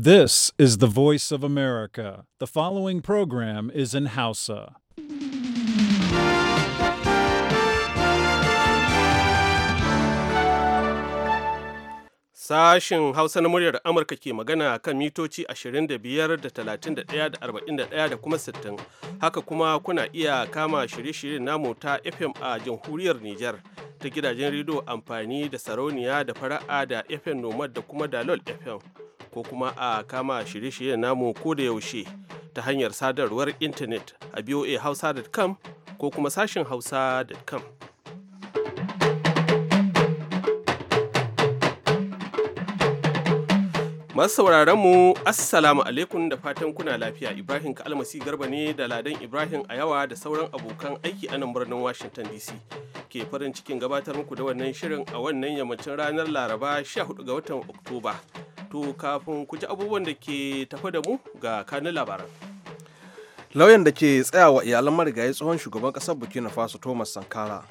This is the voice of America. The following program is in Hausa. Sashen Hausa na muryar Amurka ke magana kan mitoci 25 da 31 da 41 da kuma 60. Haka kuma kuna iya kama shirye-shiryen namu ta FM a jamhuriyar Nijar ta gidajen rediyo amfani da sarauniya da fara'a da FM Nomad da kuma Dalol FM. ko kuma a kama shirye-shiryen namu ko da yaushe ta hanyar sadarwar intanet a voahausa.com ko kuma sashin hausa.com. Masu sauraron mu Assalamu alaikum da fatan kuna lafiya Ibrahim Kalmasi Garba ne da Ladan Ibrahim a yawa da sauran abokan aiki a nan birnin Washington DC. Ke farin cikin gabatar muku da wannan shirin a wannan yammacin ranar Laraba 14 ga watan Oktoba. To kafin ku ji abubuwan da ke tafi da mu ga kanin labaran. Lauyan da ke tsayawa iyalan marigayi tsohon shugaban kasar Burkina Faso Thomas Sankara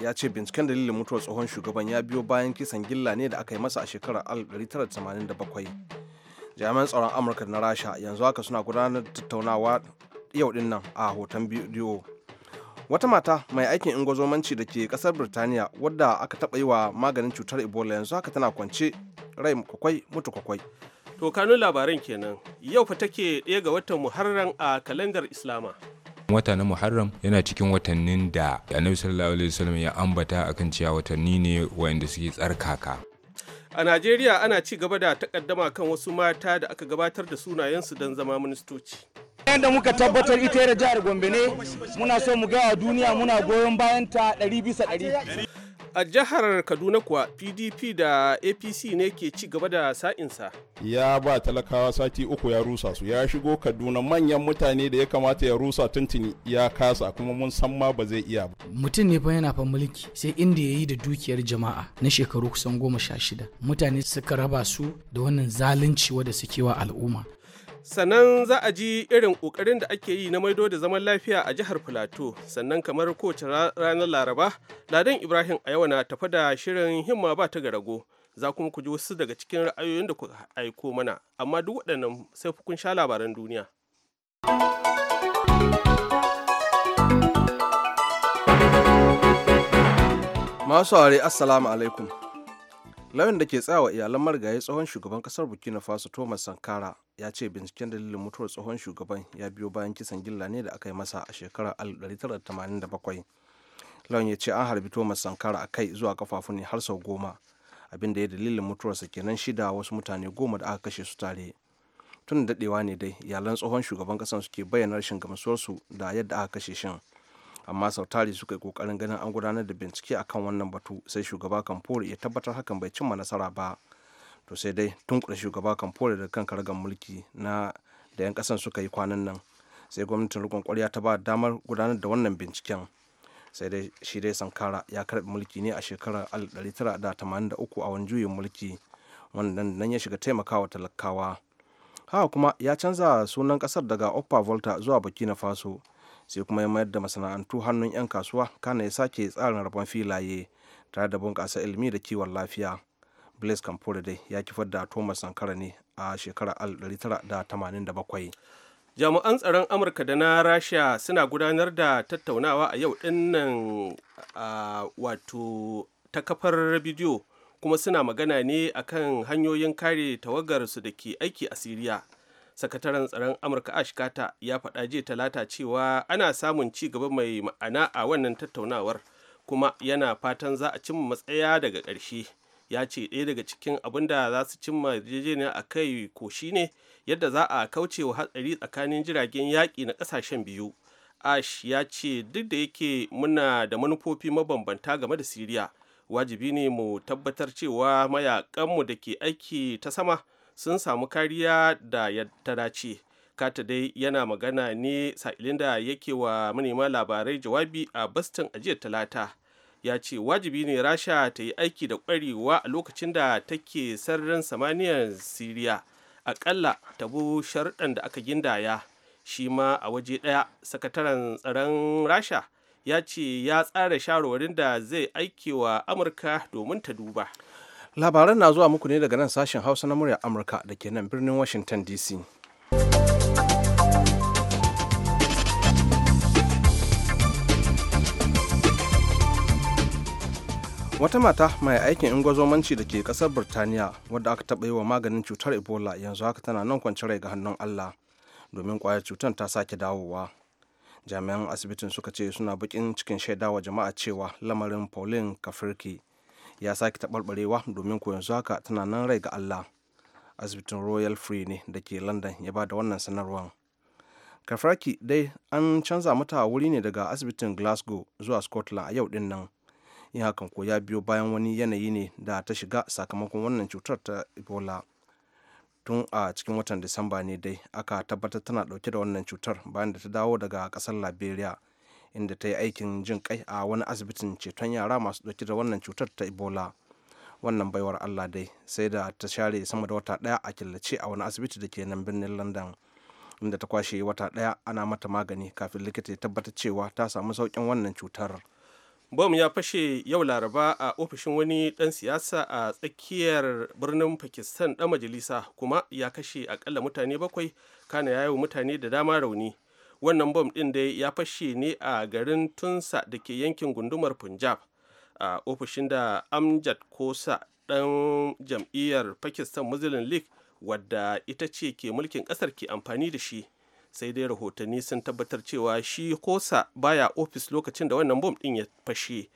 ya ce binciken dalilin mutuwar tsohon shugaban ya biyo bayan kisan gilla ne da aka yi masa a shekarar 1987. Jami'an tsaron Amurka na Rasha yanzu haka suna gudanar da tattaunawa yau din nan a hoton bidiyo wata mata mai aikin ingozomanci da ke kasar birtaniya wadda aka taɓa yi wa maganin cutar ebola yanzu haka tana kwance rai kwakwai mutu kwakwai to kanun labaran kenan yau fa take ɗaya ga watan muharram a kalandar islama wata na muharram yana cikin watannin da annabi sallallahu alaihi wasallam ya ambata akan cewa watanni ne wayanda suke tsarkaka a najeriya ana ci gaba da takaddama kan wasu mata da aka gabatar da sunayensu don zama ministoci da muka tabbatar ita da jihar gombe ne muna so mu gawa duniya muna goyon bayanta 100 bisa 100 a jihar kaduna kuwa pdp da apc ne ke ci gaba da sa'insa ya ba talakawa sati uku ya rusa su ya shigo kaduna manyan mutane da ya kamata ya rusa tuntuni ya kasa kuma mun san ma ba zai iya ba mutum ne fa yana fa mulki sai inda ya yi da dukiyar jama'a na shekaru kusan goma sha shida mutane suka raba su da wannan zalunci wadda suke wa al'umma sannan za a ji irin ƙoƙarin da ake yi na maido da zaman lafiya a jihar filato sannan kamar kowace ranar laraba ladan ibrahim a na tafa da shirin himma ba ta garago za kuma ku ji wasu daga cikin ra'ayoyin da kuka aiko mana amma duk waɗannan sai kun sha labaran duniya masu aure assalamu alaikum lawin da ke tsawa iyalan marigayi tsohon shugaban kasar burkina faso thomas sankara ya ce binciken dalilin mutuwar tsohon shugaban ya biyo bayan kisan gilla ne da aka yi masa a shekarar 1987 lawin ya ce an harbi thomas sankara a kai zuwa kafafu ne har sau goma abin da ya dalilin mutuwarsa kenan shida wasu mutane goma da aka kashe su tare tun da daɗewa ne dai iyalan tsohon shugaban su suke bayyana rashin gamsuwarsu da yadda aka kashe shin amma sautari suka yi kokarin ganin an gudanar da bincike akan wannan batu sai shugaba kamfori ya tabbatar hakan bai cimma nasara ba to sai dai tunkura shugaba kamfori da kan karagar mulki na da 'yan kasan suka yi kwanan nan sai gwamnatin rikon kwarya ta ba damar gudanar da wannan binciken sai dai shi dai sankara ya karbi mulki ne a shekarar 1983 a wani juyin mulki wannan nan ya shiga taimakawa talakawa haka kuma ya canza sunan kasar daga opa volta zuwa burkina faso sai kuma ya mayar da masana'antu hannun 'yan kasuwa kana ya sake tsarin rabon filaye tare da bunƙasa ilimi da kiwon lafiya blaise kamfura dai ya kifar da thomas sankara ne a shekarar 1987 jami'an tsaron amurka da na rasha suna gudanar da tattaunawa a yau dinnan wato ta kafar bidiyo kuma suna magana ne akan hanyoyin kare tawagarsu da ke aiki a siriya sakataren tsaron amurka ash Kata ya faɗa jiya talata cewa ana samun ci gaba mai ma'ana a wannan tattaunawar kuma yana fatan za a cimma matsaya daga ƙarshe ya ce ɗaya daga cikin abin da za su cimma yarjejeniya a kai ko shi ne, yadda za a kauce wa hatsari tsakanin jiragen yaƙi na ƙasashen biyu ash ya ce duk da yake muna da manufofi mabambanta game da siriya wajibi ne mu tabbatar cewa mayakanmu da ke aiki ta sama sun samu kariya da ta dace kata dai yana magana ne sa'ilin da yake wa manema labarai jawabi a boston ajiyar talata ya ce wajibi ne rasha ta yi aiki da kwarewa a lokacin da take sararin samaniyar siriya akalla ta bu sharɗan da aka gindaya shi ma a waje ɗaya sakataren tsaron rasha ya ce ya tsara shawarwarin da zai aike wa amurka domin ta duba labaran na zuwa muku ne daga nan sashen hausa na murya amurka da ke nan birnin washington dc wata mata mai aikin ingozomanci da ke kasar birtaniya wadda aka taɓa yi wa maganin cutar ebola yanzu haka tana nan kwanci rai ga hannun allah domin kwayar cutar ta sake dawowa jami'an asibitin suka ce suna bakin cikin shaidawa jama'a cewa lamarin pauline kafirki ya sake taɓarɓarewa domin ko yanzu haka tana nan rai ga allah asibitin royal free ne da ke london ya ba da wannan sanarwar kafraki dai an canza mata wuri ne daga asibitin glasgow zuwa scotland a yau din nan yin hakan ko ya biyo bayan wani yanayi ne da ta shiga sakamakon wannan cutar ta ebola tun a cikin watan disamba ne dai aka tabbatar tana dauke da wannan cutar bayan da ta dawo daga kasar liberia inda ta yi aikin jin kai a wani asibitin ceton yara masu ɗauke da wannan cutar ta ebola wannan baiwar allah dai sai da ta share sama da wata ɗaya a killace a wani asibiti da ke nan birnin london inda ta kwashe wata ɗaya ana mata magani kafin likita ya tabbatar cewa ta samu saukin wannan cutar. bom ya fashe yau laraba a ofishin wani dan siyasa a tsakiyar birnin pakistan ɗan majalisa kuma ya kashe akalla mutane bakwai kana yawo mutane da dama rauni wannan bom ɗin dai ya fashe ne a garin tunsa da ke yankin gundumar punjab a ofishin da amjad kosa ɗan jam'iyyar pakistan muslim league wadda ita ce ke mulkin ƙasar ke amfani da shi sai dai rahotanni sun tabbatar cewa shi kosa baya ofis lokacin da wannan bom ɗin ya fashe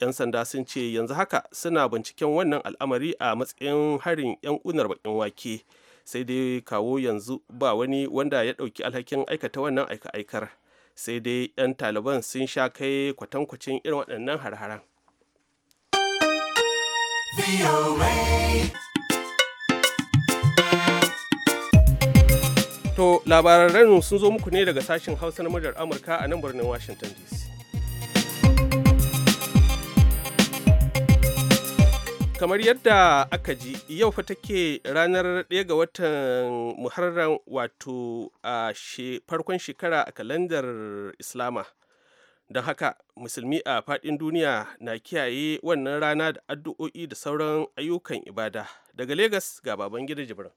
'yan sanda sun ce yanzu haka suna binciken wannan al'amari a matsayin harin 'yan unar bakin wake sai dai kawo yanzu ba wani wanda ya ɗauki alhakin aikata wannan aika-aikar sai dai 'yan taliban sun sha kai kwatankwacin irin waɗannan har-haren To labararren sun zo muku ne daga sashen Hausa na muryar Amurka a nan birnin Washington DC. kamar yadda aka ji yau fa take ranar 1 ga watan muharram wato a farkon shekara a kalandar islama don haka musulmi a fadin duniya na kiyaye wannan rana da addu'o'i da sauran ayyukan ibada daga Legas ga babangida gida jibrin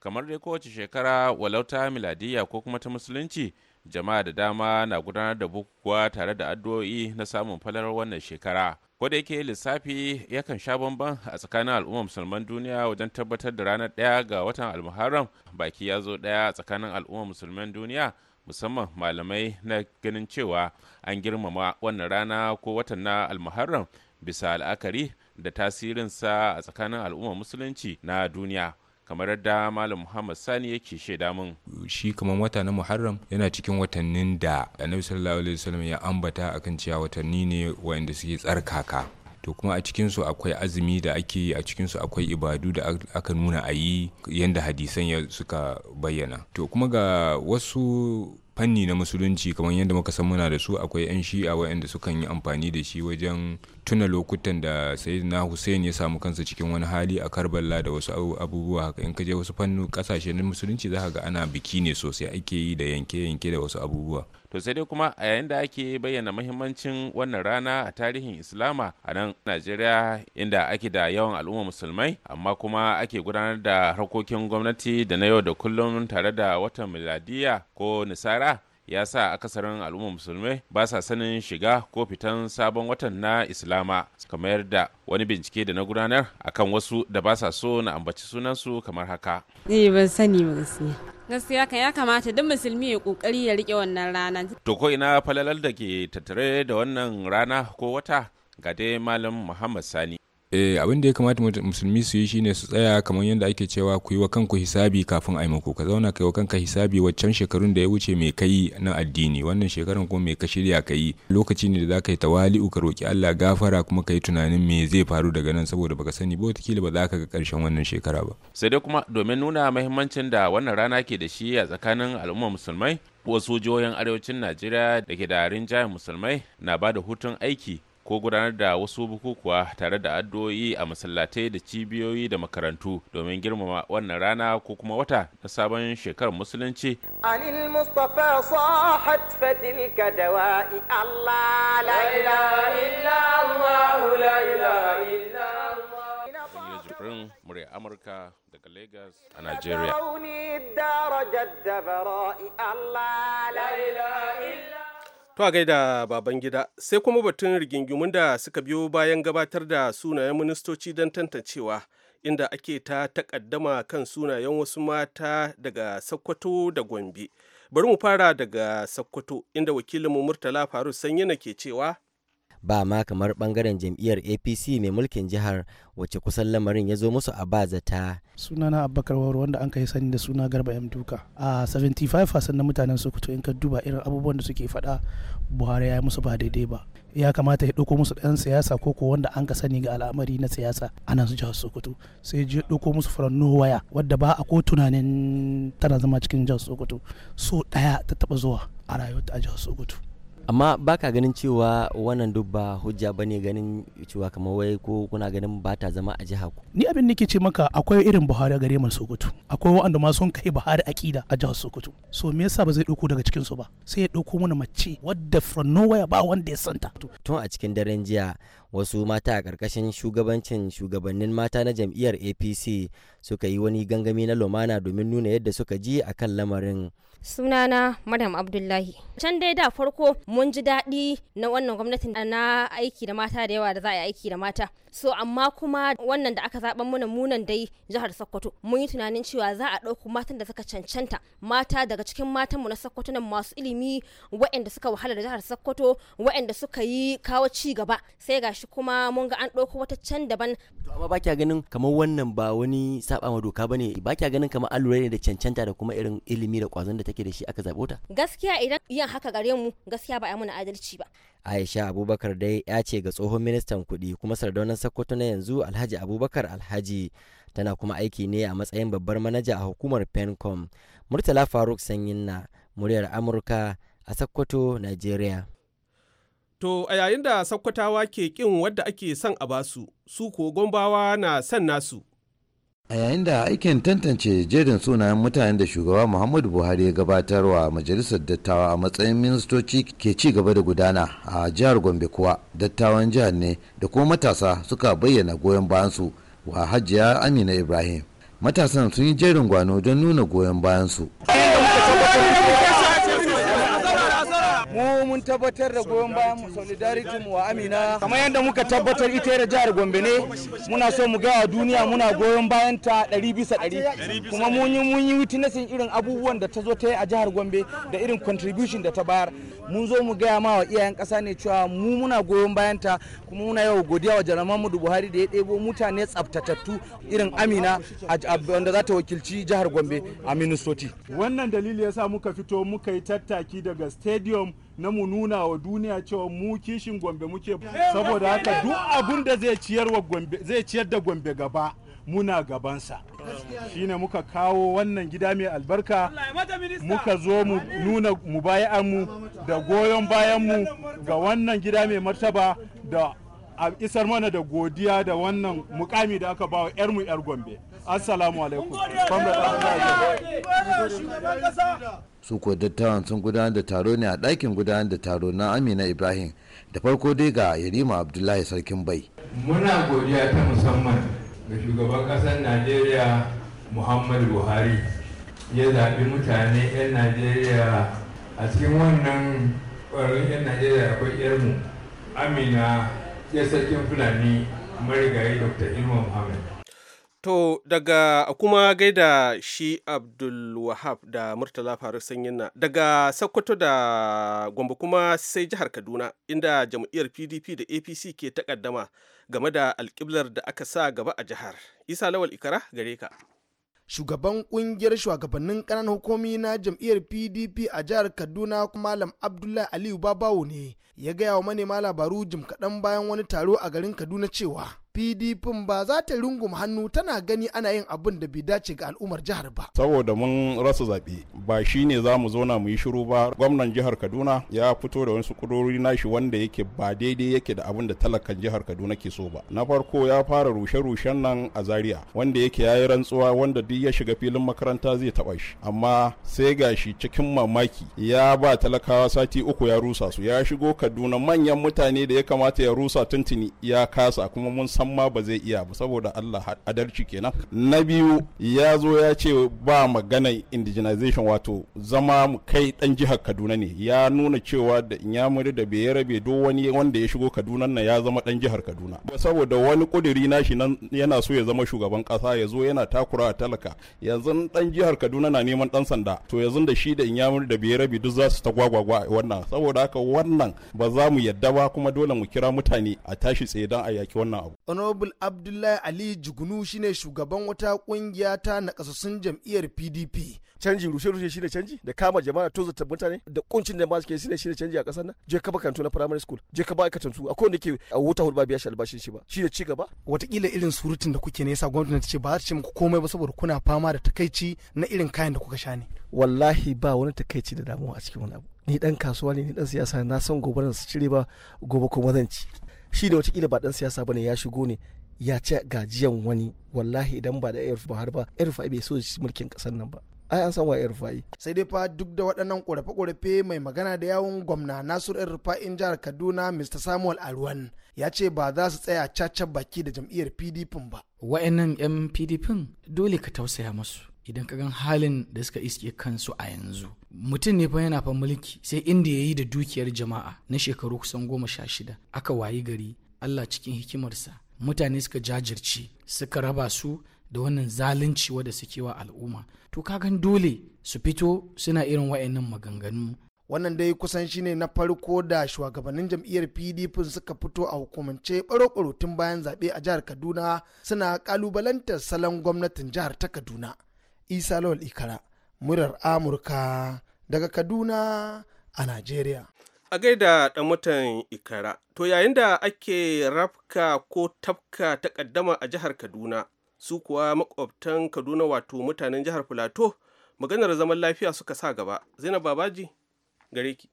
kamar dai kowace shekara walauta miladiyya ko kuma ta musulunci jama'a da dama na gudanar da bukukuwa tare da addu'o'i na samun falar wannan shekara ko da yake lissafi yakan sha bamban a tsakanin al'ummar musulman duniya wajen tabbatar da ranar ɗaya ga watan almuharram baki ya zo ɗaya a tsakanin al'ummar musulman duniya musamman malamai na ganin cewa an girmama wannan rana ko watan na almuharram bisa al'akari da tasirinsa a tsakanin al'ummar musulunci na duniya kamar yadda malam muhammad sani yake shaida min shi kamar wata na muharram yana cikin watannin da annabi sallallahu alaihi wasallam ya ambata a kan cewa watanni ne wa'anda suke tsarkaka to kuma a cikinsu akwai azumi da ake yi a cikinsu akwai ibadu da aka nuna a yi yadda hadisan ya suka bayyana to kuma ga wasu fanni na musulunci kamar yadda muka san muna da su akwai 'yan shi'a wa'anda sukan yi amfani da shi wajen tuna lokutan da sayyidina hussein ya samu kansa cikin wani hali a karbala da wasu abubuwa haka in ka je wasu fannu kasashe na musulunci za ga ana biki ne sosai ake yi da yanke-yanke da wasu abubuwa to sai dai kuma a yayin da ake bayyana mahimmancin wannan rana a tarihin islama a nan najeriya inda ake da yawan al'umma musulmai amma kuma ake gudanar da harkokin gwamnati da na yau da kullum tare da watan miladiya ko nisara ya sa akasarin al'umma musulmai ba sa sanin shiga ko fitan sabon watan na islama kamar da wani bincike da na gudanar akan wasu da ba sa so na ambaci sunansu kamar haka ni ban sani ba gaskiya gaskiya kan ya kamata duk musulmi ya kokari ya rike wannan rana to ko ina falalar da ke tattare da wannan rana ko wata ga dai malam muhammad sani eh abin da ya kamata musulmi su yi shine su tsaya kamar yadda ake cewa ku yi wa kanku hisabi kafin a yi muku ka zauna ka yi wa kanka hisabi waccan shekarun da ya wuce mai kai na addini wannan shekaran kuma mai ka shirya ka yi lokaci ne da za ka yi tawali'u ka roki Allah gafara kuma ka yi tunanin me zai faru daga nan saboda baka sani ba kila ba za ka ga karshen wannan shekara ba sai dai kuma domin nuna mahimmancin da wannan rana ke da shi a tsakanin al'ummar musulmai wasu jihohin arewacin najeriya da ke da rinjayen musulmai na ba da hutun aiki ko gudanar da wasu bukukuwa tare da addu'o'i a masallatai da cibiyoyi da makarantu domin girmama wannan rana ko kuma wata na sabon shekarar musulunci. Anil Mustapha sahat Allah la la illa Allah. murya Amurka daga Lagos a Nigeria. To a gaida baban gida sai kuma batun rigingimun da suka biyo bayan gabatar da sunayen ministoci don tantancewa inda ake ta takaddama kan sunayen wasu mata daga Sokoto da Gombe. Bari mu fara daga Sokoto inda wakilinmu Murtala Faru na ke cewa ba ma kamar bangaren jam'iyyar apc mai mulkin jihar wacce kusan lamarin ya zo musu a ba zata sunana abubakar waru wanda an kai sani da suna garba 'yan duka a 75% na mutanen sokoto in ka duba irin abubuwan da suke fada buhari ya yi musu ba daidai ba ya kamata ya ɗauko musu ɗan siyasa ko ko wanda an ka sani ga al'amari na siyasa ana su jihar sokoto sai ya ɗauko musu furan waya wadda ba a ko tunanin tana zama cikin jihar sokoto so ɗaya ta taɓa zuwa a rayuwar a jihar sokoto amma ba ka ganin cewa wannan duk ba hujja ba ne ganin cewa kamar wai ko kuna ganin ba ta zama a jiha ku ni abin nake ce maka akwai irin buhari a gare mu sokoto akwai waɗanda ma sun kai buhari akida a jihar sokoto so me yasa ba zai dauko daga cikin su ba sai ya dauko mana mace wadda from nowhere ba wanda ya santa tun a cikin daren jiya wasu mata a ƙarƙashin shugabancin shugabannin mata na jam'iyyar apc suka yi wani gangami na lumana domin nuna yadda suka ji a kan lamarin sunana madam abdullahi can dai da farko mun ji daɗi na wannan gwamnatin na aiki da mata da yawa da za a yi aiki da mata so amma kuma wannan da aka zaɓa mana munan dai jihar sokoto mun yi tunanin cewa za a ɗauko matan da suka cancanta mata daga cikin matanmu na sokoto nan masu ilimi waɗanda suka wahala da jihar sokoto waɗanda suka yi kawo ci gaba sai ga shi kuma mun ga an ɗauko wata can daban. To amma ba ganin kamar wannan ba wani saba ma doka bane ba kya ganin kamar an lura ne da cancanta da kuma irin ilimi da kwazon da take da shi aka zaɓo ta. Gaskiya idan yin haka gare mu gaskiya ba a mana adalci ba. Aisha Abubakar dai ya ce ga tsohon ministan kuɗi kuma sardaunan Sokoto na yanzu Alhaji Abubakar Alhaji tana kuma aiki ne a matsayin babbar manaja a hukumar Pencom. Murtala Faruk Sanyin na muryar Amurka a Sokoto, Nigeria. To a yayin da sakwatawa ke kin wadda ake son a basu, su ko gombawa na son nasu. A yayin da aikin tantance jerin sunayen mutanen da shugaba Muhammadu Buhari ya gabatarwa majalisar dattawa a matsayin ministoci ke ci gaba da gudana a jihar Gombe kuwa dattawan jihar ne da kuma matasa suka bayyana goyon bayansu wa Hajiya Amina Ibrahim. Matasan sun yi jerin gwano don nuna goyon bayansu. mun tabbatar da goyon bayan mu solidarity mu wa Amina kamar yadda muka tabbatar ita da jihar Gombe ne muna so mu ga duniya muna goyon bayan ta 100 bisa kuma mun yi mun yi witnessing irin abubuwan da ta zo ta yi a jihar Gombe da irin contribution da ta bayar mun zo mu gaya ma wa iyayen ƙasa ne cewa mu muna goyon bayan ta kuma muna yau godiya wa mu da Buhari da ya ɗebo mutane tsaftatattu irin Amina wanda za ta wakilci jihar Gombe a minnesota. wannan dalili yasa muka fito muka yi tattaki daga stadium na mu nuna wa duniya cewa mu kishin gombe muke eh, saboda haka duk abin da zai ciyar da gombe gaba muna gabansa shine muka kawo wannan gida mai albarka muka zo mu nuna mu mu da goyon bayanmu ga wannan gida mai martaba da a isar mana da godiya da wannan mukami da aka bawa 'yarmu 'yar gombe assalamu alaikum su ko dattawan sun gudanar da taro ne a ɗakin gudanar da taro na amina ibrahim da farko dai ga yarima abdullahi sarkin bai muna godiya ta musamman ga shugaban ƙasar najeriya muhammadu buhari ya zaɓi mutane 'yan najeriya a cikin wannan ƙwararrun 'yan najeriya akwai yarmu amina ya sarkin fulani marigayi dr ilma muhammad To daga kuma gaida shi abdulwahab da Murtala Faruk na daga Sokoto da Gombe kuma sai jihar Kaduna inda jam'iyyar PDP da APC ke takaddama game da alƙiblar da aka sa gaba a jihar. Isa Lawal Ikara gare ka. shugaban kungiyar shugabannin ƙananan hukumi na jam'iyyar pdp a jihar kaduna malam abdullahi aliyu babawo ne ya gaya wa manema labaru jim kaɗan bayan wani taro a garin kaduna cewa pdp ba za ta rungum hannu tana gani ana yin abin da bai dace ga al'ummar jihar ba saboda mun rasa zaɓe ba shi ne za mu zauna mu yi shiru ba gwamnan jihar kaduna ya fito da wasu na shi wanda yake ba daidai yake da abin da talakan jihar kaduna ke so ba na farko ya fara rushe-rushen nan a zaria wanda yake ya yi rantsuwa wanda duk ya shiga filin makaranta zai taɓa shi amma sai gashi cikin mamaki ya ba talakawa sati uku ya rusa su ya shigo kaduna manyan mutane da ya kamata ya rusa tuntuni ya kasa kuma mun san ma ba zai iya ba saboda Allah adalci kenan na biyu ya zo ya ce ba magana indigenization wato zama mu kai dan jihar Kaduna ne ya nuna cewa da Inyamuri da rabe do wani wanda ya shigo Kaduna nan ya zama dan jihar Kaduna saboda wani kuduri nashi nan yana so ya zama shugaban kasa ya zo yana takura a talaka yanzu dan jihar Kaduna na neman dan sanda to yanzu da shi da Inyamuri da rabe duk za su ta gwagwagwa wannan saboda haka wannan ba za mu yadda ba kuma dole mu kira mutane a tashi tsaye don a yaki wannan abu honorable abdullahi ali jigunu shine shugaban wata kungiya ta nakasassun jam'iyyar pdp canji rushe-rushe shine canji da kama jama'a to zata mutane da kuncin da masu ke shine shine canji a kasar nan je ka baka na primary school je ka ba tantu akwai wanda ke a wuta ba biya shi albashin shi ba shine ci gaba watakila irin surutun da kuke ne yasa gwamnati ta ce ba za ta ce muku komai ba saboda kuna fama da takaici na irin kayan da kuka sha ne wallahi ba wani takaici da damuwa a cikin wani abu ni dan kasuwa ne ni dan siyasa na san gobe su cire ba gobe kuma zan ci shi da wataƙila ba ɗan siyasa bane ya shigo ne ya ci gajiyan wani wallahi idan ba da ƴarfa har ba ƴarfa bai so mulkin ƙasar nan ba ai an san wa rufa'i sai dai fa duk da waɗannan ƙorafe-ƙorafe mai magana da yawun gwamna nasiru yan rufa'in jihar kaduna mr samuel alwan ya ce ba za su tsaya cacan baki da jam'iyyar pdp ba wa'annan yan pdp dole ka tausaya musu idan ka gan halin da suka iske kansu a yanzu mutum ne fa yana fa mulki sai inda ya yi da dukiyar jama'a na shekaru kusan goma sha shida aka wayi gari allah cikin hikimarsa mutane suka jajirce suka raba su da wannan zalunci wadda suke wa al'umma to ka gan dole su fito suna irin wa'annan maganganu wannan dai kusan shine na farko da shugabannin jam'iyyar pdp suka fito a hukumance baro tun bayan zaɓe a jihar kaduna suna kalubalantar salon gwamnatin jihar ta kaduna isa lawal ikara murar amurka daga kaduna a najeriya a gaida dan mutan ikara to yayin da ake rafka ko tafka kaddama a jihar kaduna su kuwa makwabtan kaduna wato mutanen jihar filato maganar zaman lafiya suka sa gaba zainab babaji gare ki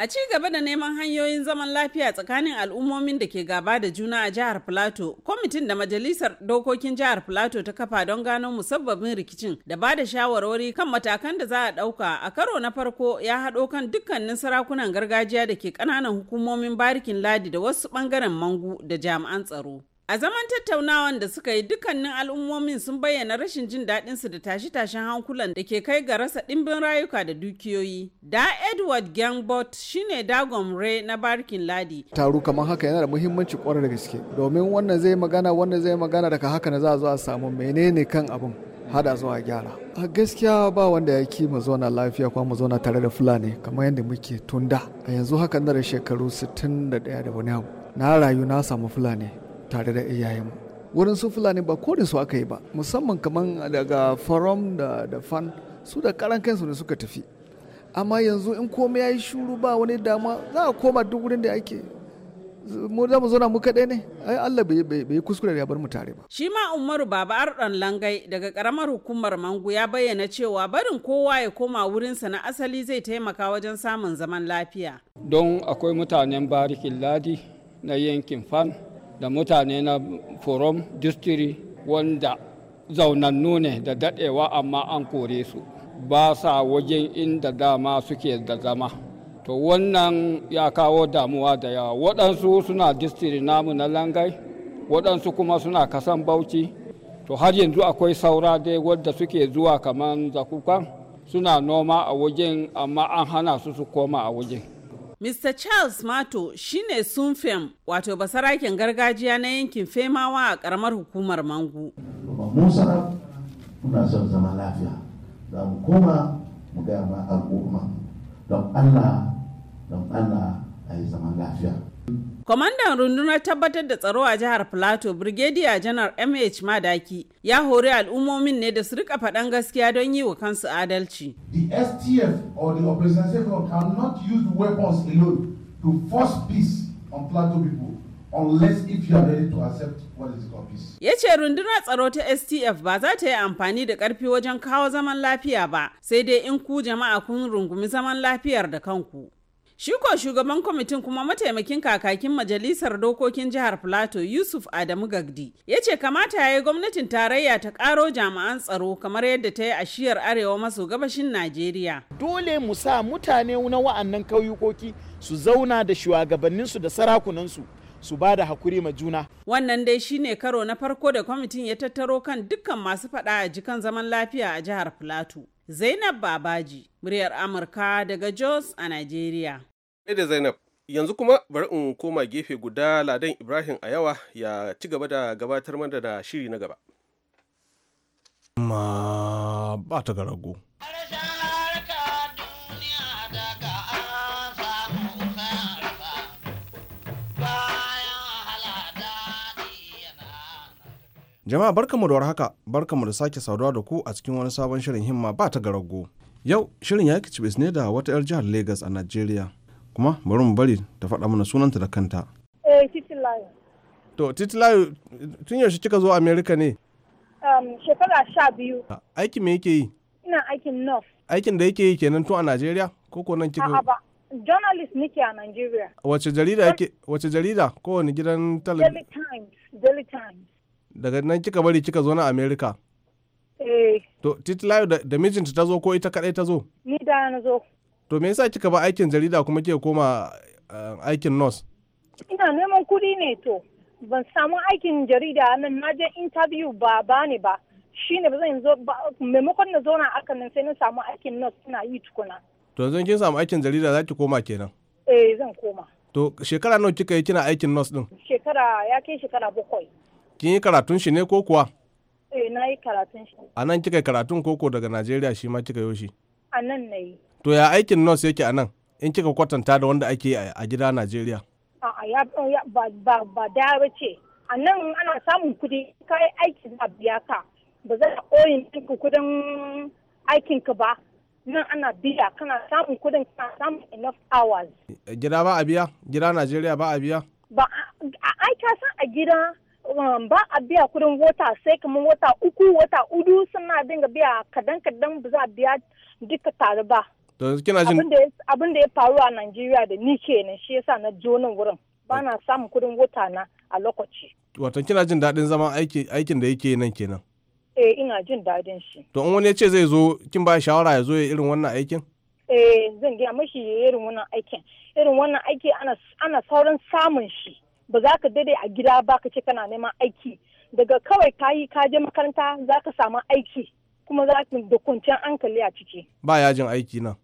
A ci gaba da neman hanyoyin zaman lafiya tsakanin al'ummomin da ke gaba da juna a jihar Filato, kwamitin da Majalisar Dokokin Jihar Filato ta kafa don gano musabbabin rikicin da ba da shawarwari kan matakan da za a ɗauka a karo na farko ya haɗo kan dukkanin sarakunan gargajiya da ke ƙananan hukumomin barikin ladi da wasu ɓangaren mangu da jami'an tsaro. A zaman tattaunawan da suka yi dukkanin al'ummomin sun bayyana rashin jin daɗin su da tashe-tashen hankulan da ke kai ga rasa ɗimbin rayuka da dukiyoyi. Da Edward Gangbot shine Dagon Ray na Barkin Ladi. Taro kamar haka yana da muhimmanci kwarar da gaske domin wannan zai magana wannan zai magana daga haka na za a zo a samu menene kan abin hada zuwa gyara. A gaskiya ba wanda ya ki mu zauna lafiya kuma mu zauna tare da Fulani kamar yadda muke tunda. A yanzu haka na da shekaru 61 da wani Na rayu na samu Fulani. tare da iyayenmu wurin su fulani ba kodin su aka yi ba musamman kamar daga forum da, fan su da karan kansu ne suka tafi amma yanzu in komai ya yi shuru ba wani dama za a koma duk wurin da ake mu za mu mu kaɗai ne ai Allah bai yi kuskure ya bar mu tare ba. Shi ma Umaru Baba Ardan Langai daga karamar hukumar Mangu ya bayyana cewa barin kowa ya koma wurin sa na asali zai taimaka wajen samun zaman lafiya. Don akwai mutanen barikin ladi na yankin fan da mutane na forum district wanda zaunannu ne da daɗewa amma an kore su ba sa wajen inda dama suke da zama to wannan ya kawo damuwa da yawa waɗansu suna district namu na langai waɗansu kuma suna kasan bauchi to har yanzu akwai saura dai wadda suke zuwa kamar zakukan suna noma a wajen amma an hana su su koma a wajen Mr. Charles Mato shine Sunfem wato sarakin gargajiya na yankin Femawa a karamar hukumar Mangu. Musa muna son zama lafiya za mu koma mu gaya ma al'umma don Allah don Allah a yi zaman lafiya. Kwamandan rundunar tabbatar da tsaro a jihar Plateau Brigadier Janar MH Madaki ya hori al'ummomin ne da su rika faɗan gaskiya don yi wa kansu adalci. The STF or the Operation Safe cannot use weapons alone to force peace on Plateau people. unless if you are ready to accept what peace. Ya ce rundunar tsaro ta STF ba za ta yi amfani da ƙarfi wajen kawo zaman lafiya ba, sai dai in ku jama'a kun rungumi zaman lafiyar da kanku. Shi shugaban kwamitin kuma mataimakin kakakin majalisar dokokin jihar Plateau Yusuf Adamu Gagdi ya ce kamata ya yi gwamnatin tarayya ta karo jami'an tsaro kamar yadda ta yi a shiyar arewa maso gabashin Najeriya. Dole mu sa mutane na wa'annan kauyukoki su zauna da shugabanninsu da sarakunansu su ba da hakuri ma juna. Wannan dai shine karo na farko da kwamitin ya tattaro kan dukkan masu faɗa a jikan zaman lafiya a jihar Plateau. Zainab Babaji, muryar Amurka daga Jos a Najeriya. da Zainab, yanzu kuma bari in koma gefe guda Ladan Ibrahim a yawa ya ci gaba da gabatar mana da shiri na gaba. Ma ba ta garago. Jama'a barkamu da warhaka, barkamu da sake saduwa da ku a cikin wani sabon shirin himma ba ta garago. Yau shirin ya ki ne da wata 'yar jihar Lagos a Najeriya. Kuma bari mu bari ta faɗa mana sunanta da kanta. Eh, Titilayo. To, Titilayo, tun yaushe kika zo Amerika ne? Um, shekara sha biyu. Aikin me yake yi? Ina aikin NOF. Aikin da yake yi kenan tun a Najeriya? Ko ko nan kika? A'a ba, journalist nike a Najeriya. Wace jarida yake? Wace jarida? Kowane gidan talabijin? Daily Times, Daily Times. daga nan kika bari kika zo na america eh to titilayo da mijinta ta zo ko ita kadai ta zo ni da na zo to me yasa kika ba aikin jarida kuma kika koma eh, aikin nurse ina neman kuɗi ne to ban samu aikin jarida nan na je interview ba ba ne ba shine ba zan zo maimakon na zauna akan nan sai na samu aikin nurse ina yi tukuna to yanzu kin samu aikin jarida zaki koma kenan eh zan koma to shekara nawa kika yi kina aikin nurse din shekara ya kai shekara bakwai Kin yi karatun shi ne ko kuwa? Eh, na yi karatun shi. A nan kika karatun koko daga Najeriya shi ma kika yoshi? A nan na yi. To ya aikin nurse yake a nan? In kika kwatanta da wanda ake a gida Najeriya? A'a, ya ba ba ba da ce. A nan ana samun kuɗi, ka yi aiki za biya ka. Ba za a koyin ɗinka aikin aikinka ba. Nan ana biya, kana samun kudin kana samun enough hours. Gida ba a biya? Gida Najeriya ba a biya? Ba, a aika san a gida Um, ba a biya kudin wata sai kamar wata uku wata udu suna dinga biya kadan kadan ba za a biya duka tare ba abin da ya faru a nigeria da ni kenan shi yasa na jonin wurin ba na samun kudin wata na a lokaci watan kina jin daɗin zaman aikin da yake nan kenan eh ina jin daɗin shi to in wani ya ce zai zo kin ba shawara ya zo ya irin wannan aikin eh zan gaya mashi irin wannan aikin irin wannan aiki ana sauran samun shi ba za ka dade a gida ba ka ce kana neman aiki daga kawai ka yi ka je makaranta za ka samu aiki kuma za ka da kwanciyar hankali a ciki ba yajin aiki nan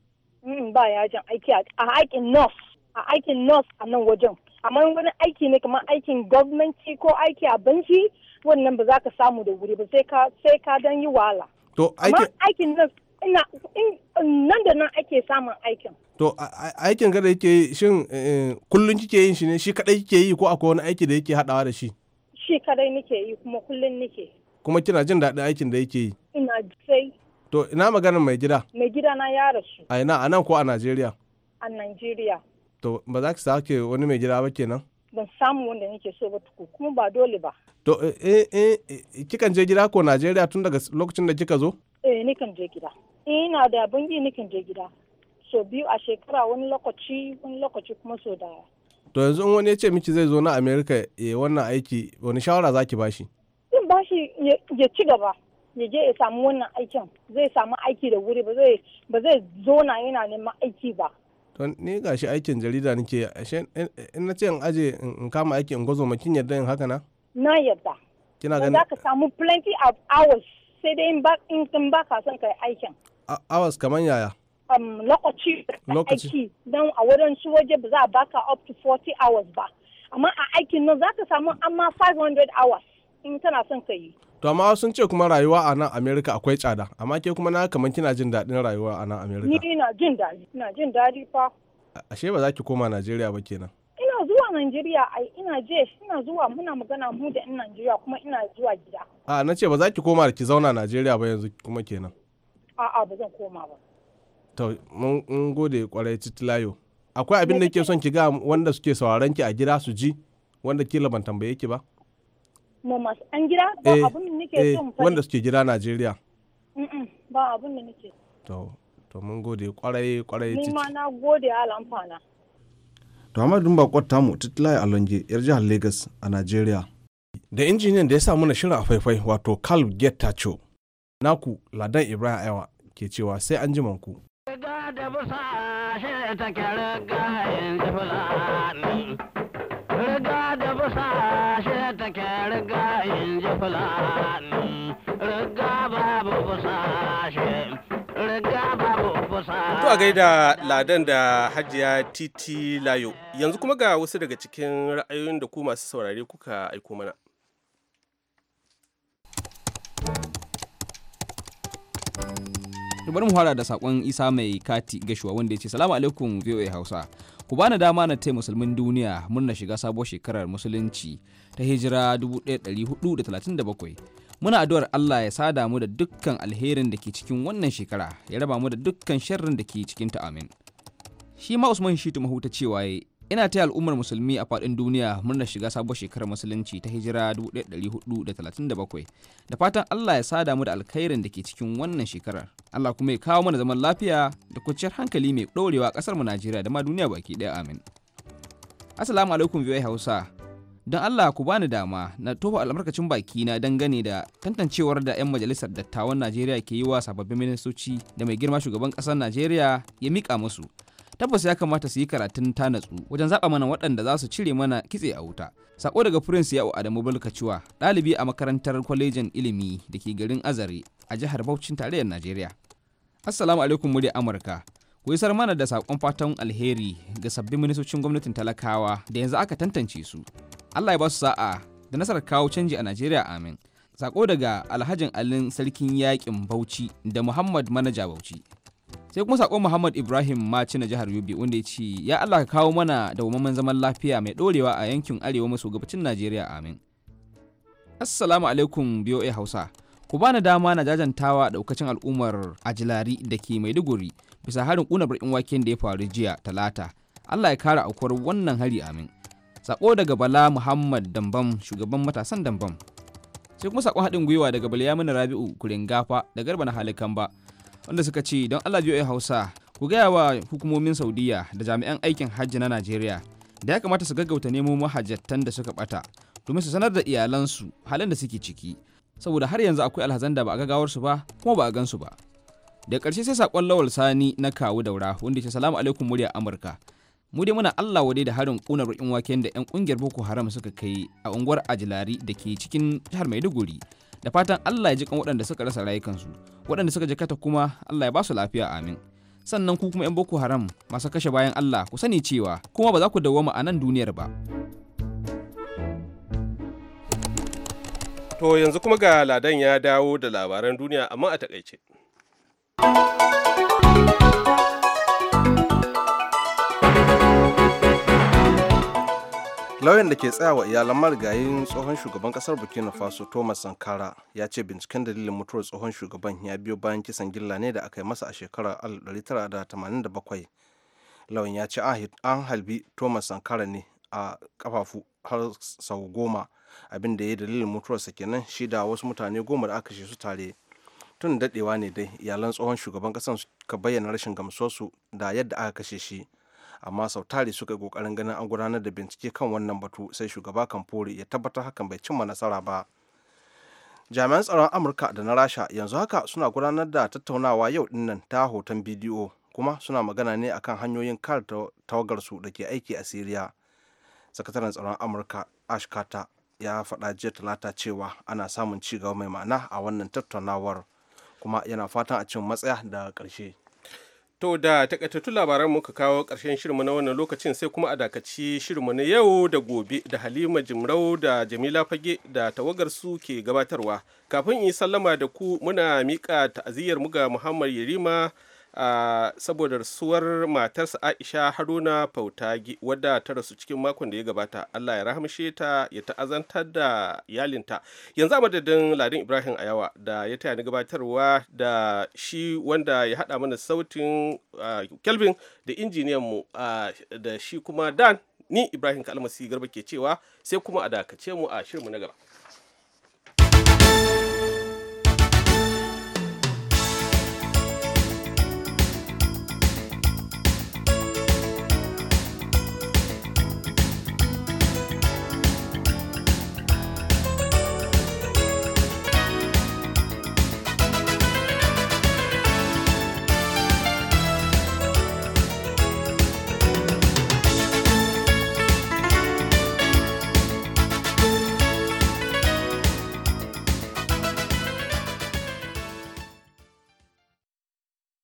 mm, ba yajin aiki a aikin nurse a aikin nurse a nan wajen amma wani aiki ne kamar aikin gwamnati ko aiki a banki wannan ba za ka samu da wuri ba sai ka sai ka dan yi wahala to aikin nurse nan da nan ake samun aikin. To aikin kada yake yi shin eh, kullum kike yin shi ne shi kadai kike yi ko akwai wani aiki da yake hadawa da shi? Shi kadai nike yi kuma kullum nike. Kuma kina jin daɗin aikin da yake yi? Ina sai. To ina maganin mai gida? Mai gida na ya rasu. A ina a nan ko a Najeriya? A Najeriya. To ba za ki sake wani mai gida ba kenan? Ban samu wanda nake so ba tuku kuma ba dole ba. To eh, eh eh kikan je gida ko Najeriya tun daga lokacin da kika zo? eh nikan je gida ina da abin yi nikan je gida so biyu a shekara wani lokaci wani lokaci kuma so da to yanzu in wani ya ce miki zai zo na america ya eh, wannan aiki wani shawara zaki bashi zan bashi ya ci gaba ya je ya samu wannan aikin zai samu aiki da wuri ba zai ba zai zo na yana neman aiki ba to ni gashi aikin jarida nake ashe in na ce in aje in kama aikin in gwazo makin yadda in haka na na yadda kina ganin za ka samu plenty of hours sai dai in ba ka son ka yi aikin. Hours kamar yaya? Um, lokaci aiki don a wurin su waje ba za a baka up to 40 hours ba. Amma a aikin nan za ka samu amma 500 hours in tana son ka yi. To amma sun ce kuma rayuwa a nan Amerika akwai tsada, amma ke kuma na kamar kina jin daɗin rayuwa a nan Amerika. Ni ina jin daɗi, na jin daɗi fa. Ashe ba za ki koma Najeriya ba kenan. Najeriya ai ina je ina zuwa muna magana mu da 'yan Najeriya kuma ina zuwa gida. A na ce ba za ki koma da ki zauna Najeriya ba yanzu kuma kenan. A'a ba zan koma ba. To mun gode kwarai titilayo. Akwai abin da ke son ki ga wanda suke sauraron ki a gida su ji wanda kila ban tambaye ki ba. Mu masu an gida ba eh, abin da nake eh, son wanda suke gida Najeriya. Ba abin da nake. To to mun gode kwarai kwarai titilayo. Ni ma na gode alamfana. to amadu mu tamu a alonge yar jihar lagos a nigeria da injiniyan da ya sa mana shirin a faifai wato carl gettacho naku ladan ibrahim aiwa ke cewa sai an ji manku riga da busa a gaida ladan da hajiya titi layo yanzu kuma ga wasu daga cikin ra'ayoyin da ku masu saurare kuka aiko mana bari mu da sakon isa mai kati gashuwa wanda ya ce salamu alaikum voa hausa ku bani dama na taya musulmin duniya murna shiga sabuwar shekarar musulunci ta hijira 1437 muna addu'ar Allah ya sada mu da dukkan alherin da ke cikin wannan shekara ya raba mu da dukkan sharrin da ke cikin ta amin shi ma Usman Shitu mahuta cewa ina taya al'ummar musulmi a faɗin duniya murnar shiga sabuwar shekarar musulunci ta hijira 1437 da fatan Allah ya sada mu da alkhairin da ke cikin wannan shekarar Allah kuma ya kawo mana zaman lafiya da kwanciyar hankali mai ɗorewa ƙasar mu Najeriya da ma duniya baki ɗaya amin Assalamu alaikum biyoyi Hausa don Allah ku bani dama na tofa albarkacin baki na dangane da tantancewar da 'yan majalisar dattawan Najeriya ke yi wa sababbin ministoci da mai girma shugaban ƙasar Najeriya ya mika musu. Tabbas ya kamata su yi karatun ta natsu wajen zaɓa mana waɗanda za su cire mana kitse a wuta. Sako daga Prince Ya'u Adamu Bulkaciwa, ɗalibi a makarantar kwalejin ilimi da ke garin Azare a jihar Bauchin tarayyar Najeriya. Assalamu alaikum muryar Amurka. ku isar mana da saƙon fatan alheri ga sabbin ministocin gwamnatin talakawa da yanzu aka tantance su Allah ya ba su sa'a da nasarar kawo canji a Najeriya amin. Sako daga Alhajin Alin Sarkin Yaƙin Bauchi da Muhammad Manaja Bauchi. Sai kuma sako Muhammad Ibrahim Maci na jihar Yobe wanda ya ce ya Allah ka kawo mana da umman zaman lafiya mai ɗorewa a yankin arewa maso gabacin Najeriya amin. Assalamu alaikum BOA Hausa. Ku bani dama na jajantawa daukacin al'ummar Ajilari da ke Maiduguri bisa harin ƙunar bakin waken da ya faru jiya Talata. Allah ya kare aukuwar wannan hari amin. sako daga bala muhammad dambam shugaban matasan dambam sai kuma sakon haɗin gwiwa daga balyamin rabi'u kuringafa da garba na halikan ba wanda suka ce don allah biyo hausa ku gaya wa hukumomin saudiya da jami'an aikin hajji na najeriya da ya kamata su gaggauta nemo mahajjatan da suka bata domin su sanar da iyalansu halin da suke ciki saboda har yanzu akwai alhazan da ba a ga gawarsu ba kuma ba a gansu ba da ƙarshe sai saƙon lawal sani na kawu daura wanda ke salamu alaikum murya amurka mu dai muna Allah wade da harin kunar in waken da 'yan kungiyar Boko Haram suka kai a unguwar Ajilari da ke cikin jihar Maiduguri da fatan Allah ya ji kan waɗanda suka rasa rayukansu waɗanda suka kata kuma Allah ya basu lafiya amin sannan ku kuma 'yan Boko Haram masu kashe bayan Allah ku sani cewa kuma ba za ku dawwama a nan duniyar ba. To yanzu kuma ga ladan ya dawo da labaran duniya amma a takaice. lauyan da ke tsayawa iyalan marigayin tsohon shugaban kasar burkina faso thomas sankara ya ce binciken dalilin mutuwar tsohon shugaban ya biyo bayan kisan gilla ne da aka yi masa a shekarar 1987 lauyan ya ce an halbi thomas sankara ne a kafafu har sau goma abin da ya yi dalilin mutuwarsa kenan shi da wasu mutane goma da aka kashe su tare tun dadewa ne dai iyalan tsohon shugaban kasar ka bayyana rashin gamsuwarsu da yadda aka kashe shi amma sau tare suka kokarin ganin an gudanar da bincike kan wannan batu sai shugaba kamfuri ya tabbatar hakan bai cimma nasara ba jami'an tsaron amurka da na rasha yanzu haka suna gudanar da tattaunawa yau dinnan ta hoton bidiyo kuma suna magana ne akan hanyoyin kare tawagarsu da ke aiki a siriya sakataren tsaron amurka ash carter ya faɗa jiya talata cewa ana samun ci gaba mai ma'ana a wannan tattaunawar kuma yana fatan a cin matsaya daga ƙarshe To da takaitattun labaran muka kawo ƙarshen shirinmu na wannan lokacin sai kuma a dakaci shirinmu na yau da gobe da Halima Jimrau da Jamila Fage da tawagar su ke gabatarwa. Kafin in sallama da ku muna miƙa ta'aziyyar mu ga Muhammad Yarima saboda rasuwar matarsa aisha haruna fautagi wadda ta rasu cikin makon da ya gabata allah ya rahamshe ta ya ta'azantar da yalinta yanzu a madadin ladin ibrahim ayawa da ya taya ni gabatarwa da shi wanda ya hada mana sautin kelvin da injiniyan mu da shi kuma dan ni ibrahim kalmasi garba ke cewa sai kuma a dakace mu a shirinmu na gaba